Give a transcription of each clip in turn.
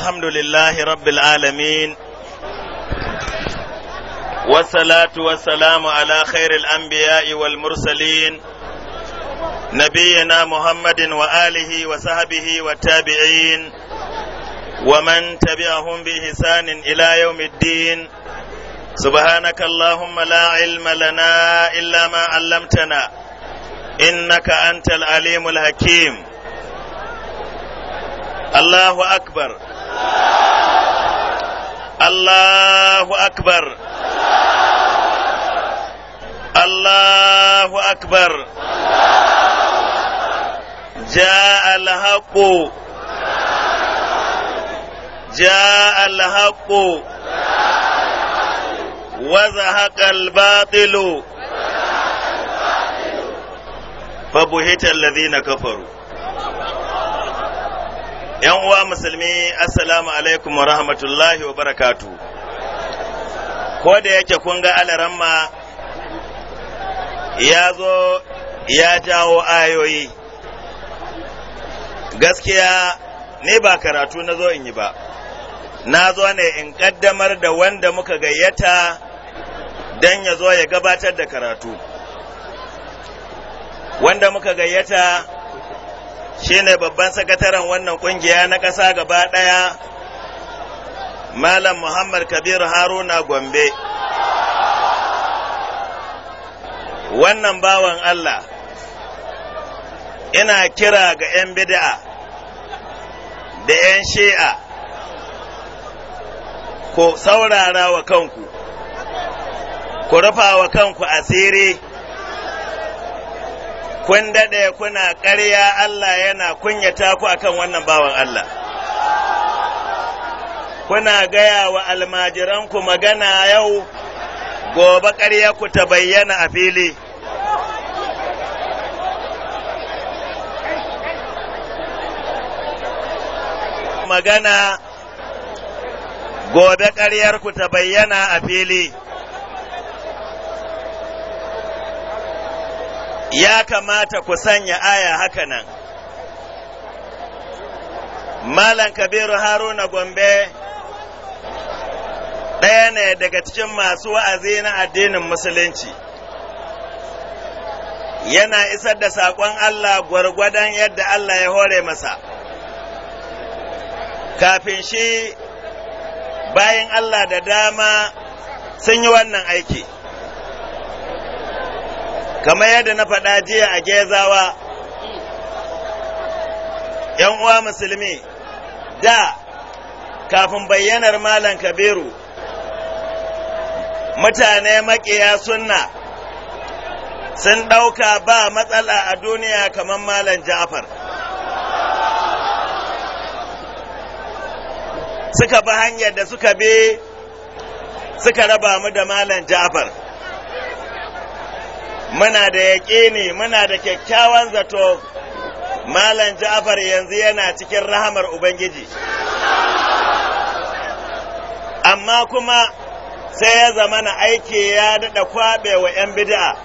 الحمد لله رب العالمين والصلاة والسلام على خير الأنبياء والمرسلين نبينا محمد وآله وصحبه والتابعين ومن تبعهم بإحسان إلى يوم الدين سبحانك اللهم لا علم لنا إلا ما علمتنا إنك أنت العليم الحكيم الله أكبر الله akbar الله akbar جاء الحق جاء الحق وزهق الباطل فبهت الذين كفروا yan uwa musulmi assalamu alaikum wa rahmatullahi wa barakatu ko da yake kun ga alaramma ya zo ya jawo ayoyi gaskiya ne ba karatu na zo in yi ba na zo ne in kaddamar da wanda muka gayyata don ya zo ya gabatar da karatu wanda muka gayyata shine babban sakataren wannan kungiya na ƙasa gaba ɗaya malam muhammad kabir haruna gombe wannan bawan allah ina kira ga 'yan bida'a da 'yan shi'a ko saurara wa kanku ku rufa wa kanku asiri kun daɗe kuna ƙarya Allah yana kunyata ku akan wannan bawan Allah. Kuna gaya wa almajiranku magana yau, gobe ƙarya ku ta bayyana a fili. Magana gobe ƙaryarku ta bayyana a fili. ya kamata ku sanya aya haka nan. Malam Kabiru Haruna Gombe ɗaya ne daga cikin masu wa'azi na addinin Musulunci. Yana isar da saƙon Allah gwargwadon yadda Allah ya hore masa. Kafin shi bayan Allah da dama sun yi wannan aiki. kamar yadda na faɗa jiya a gezawa ‘yan uwa musulmi da kafin bayyanar malam kabiru mutane maƙiya sunna sun ɗauka ba matsala a duniya kamar malam ja'far suka bi hanyar da suka bi suka raba mu da malam ja'far muna da ne muna da kyakkyawan zato malam ja'far yanzu yana cikin rahamar ubangiji amma kuma sai ya zama na aiki ya daɗa kwaɓe wa 'yan bid'a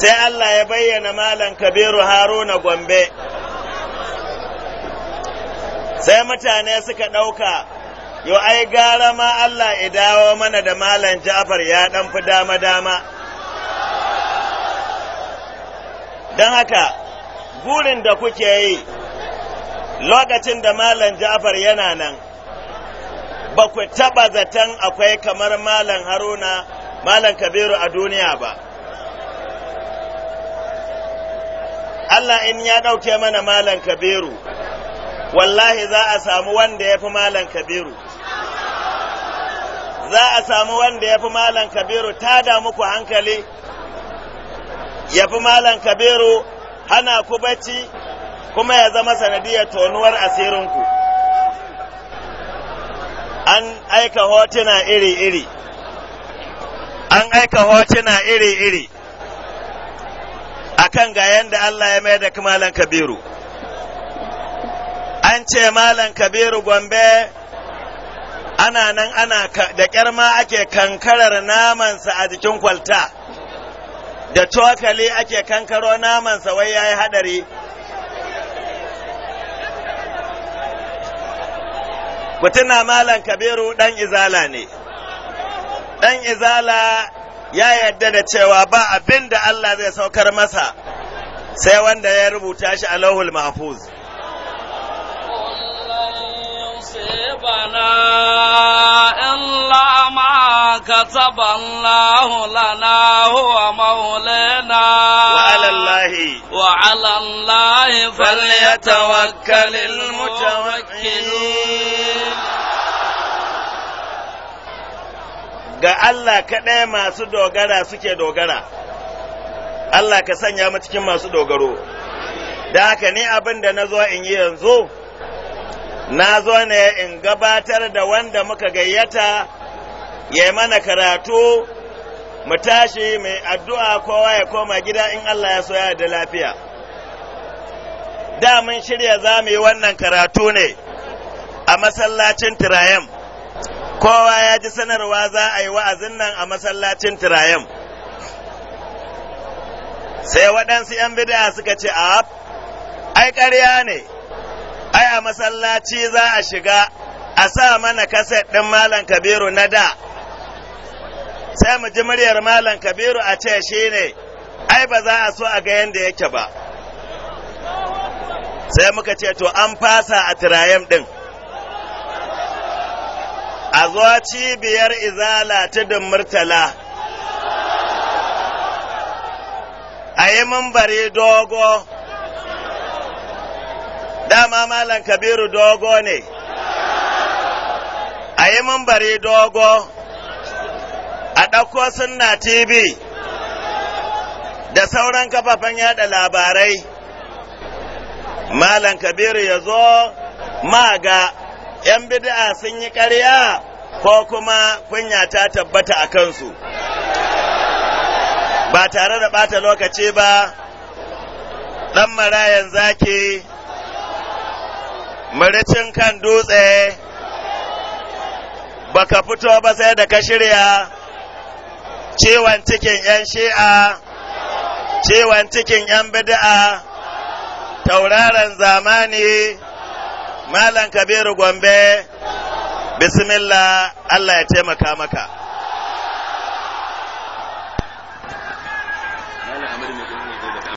sai Allah ya bayyana malam kabiru haruna gombe sai mutane suka ɗauka yo ai gara ma Allah ya dawo mana da malam Ja'far ya dan fi dama dama dan haka gurin da kuke yi lokacin da malam Ja'far yana nan ba ku taba zaton akwai kamar malam Haruna malam Kabiru a duniya ba Allah in ya ɗauke mana malam Kabiru wallahi za a samu wanda yafi fi malam kabiru za a samu wanda ya fi malan kabiru ta da muku hankali ya fi malan kabiru hana ku bacci kuma ya zama sanadiyar tonuwar asirinku an aika hotuna iri-iri an aika hotuna iri-iri akan ga yadda Allah ya mai da malan kabiru an ce malan kabiru gombe ana nan ana da ƙyar ma ake kankarar namansa a jikin kwalta da cokali ake kankaro namansa wai ya yi haɗari mutuna malam kabiru ɗan izala ne ɗan izala ya yarda da cewa ba abin da Allah zai saukar masa sai wanda ya rubuta shi a lauhul mahfuz. كتب الله لنا هو مولانا وعلى الله وعلى الله فليتوكل المتوكلين ga Allah kaɗai masu dogara suke dogara, Allah ka sanya mu cikin masu dogaro, da haka ne abin da na zo in yi yanzu, na zo ne in gabatar da wanda muka gayyata ya yi mana karatu mu tashi mai addu'a kowa ya koma gida in Allah ya soya da lafiya da mun shirya za mu yi wannan karatu ne a masallacin tirayam kowa ya ji sanarwa za a yi wa'azin nan a masallacin tirayam sai waɗansu ‘yan bida suka ce a ai ƙarya ne ai a masallaci za a shiga a sa mana kaset ɗin malam kabiru na da sai mu ji muryar malam kabiru a ce shi ne ai ba za a so a ga yadda yake ba sai muka ce to an fasa a tirayen ɗin a zuwa cibiyar izala tudun murtala a yi mambari dogo dama malam kabiru dogo ne a yi mambari dogo ɗauko sunna tv da sauran kafafen yada labarai malam kabiru ya zo ma ga 'yan bid'a sun yi ƙarya ko kuma kunya ta tabbata a kansu ba tare da ɓata lokaci ba ɗan marayan zaki muricin kan dutse baka fito ba sai da ka shirya ciwon cikin ‘yan shi'a, ciwon cikin ‘yan bida'a, tauraron zamani, Malam Kabiru Gombe, bismillah Allah ya taimaka maka.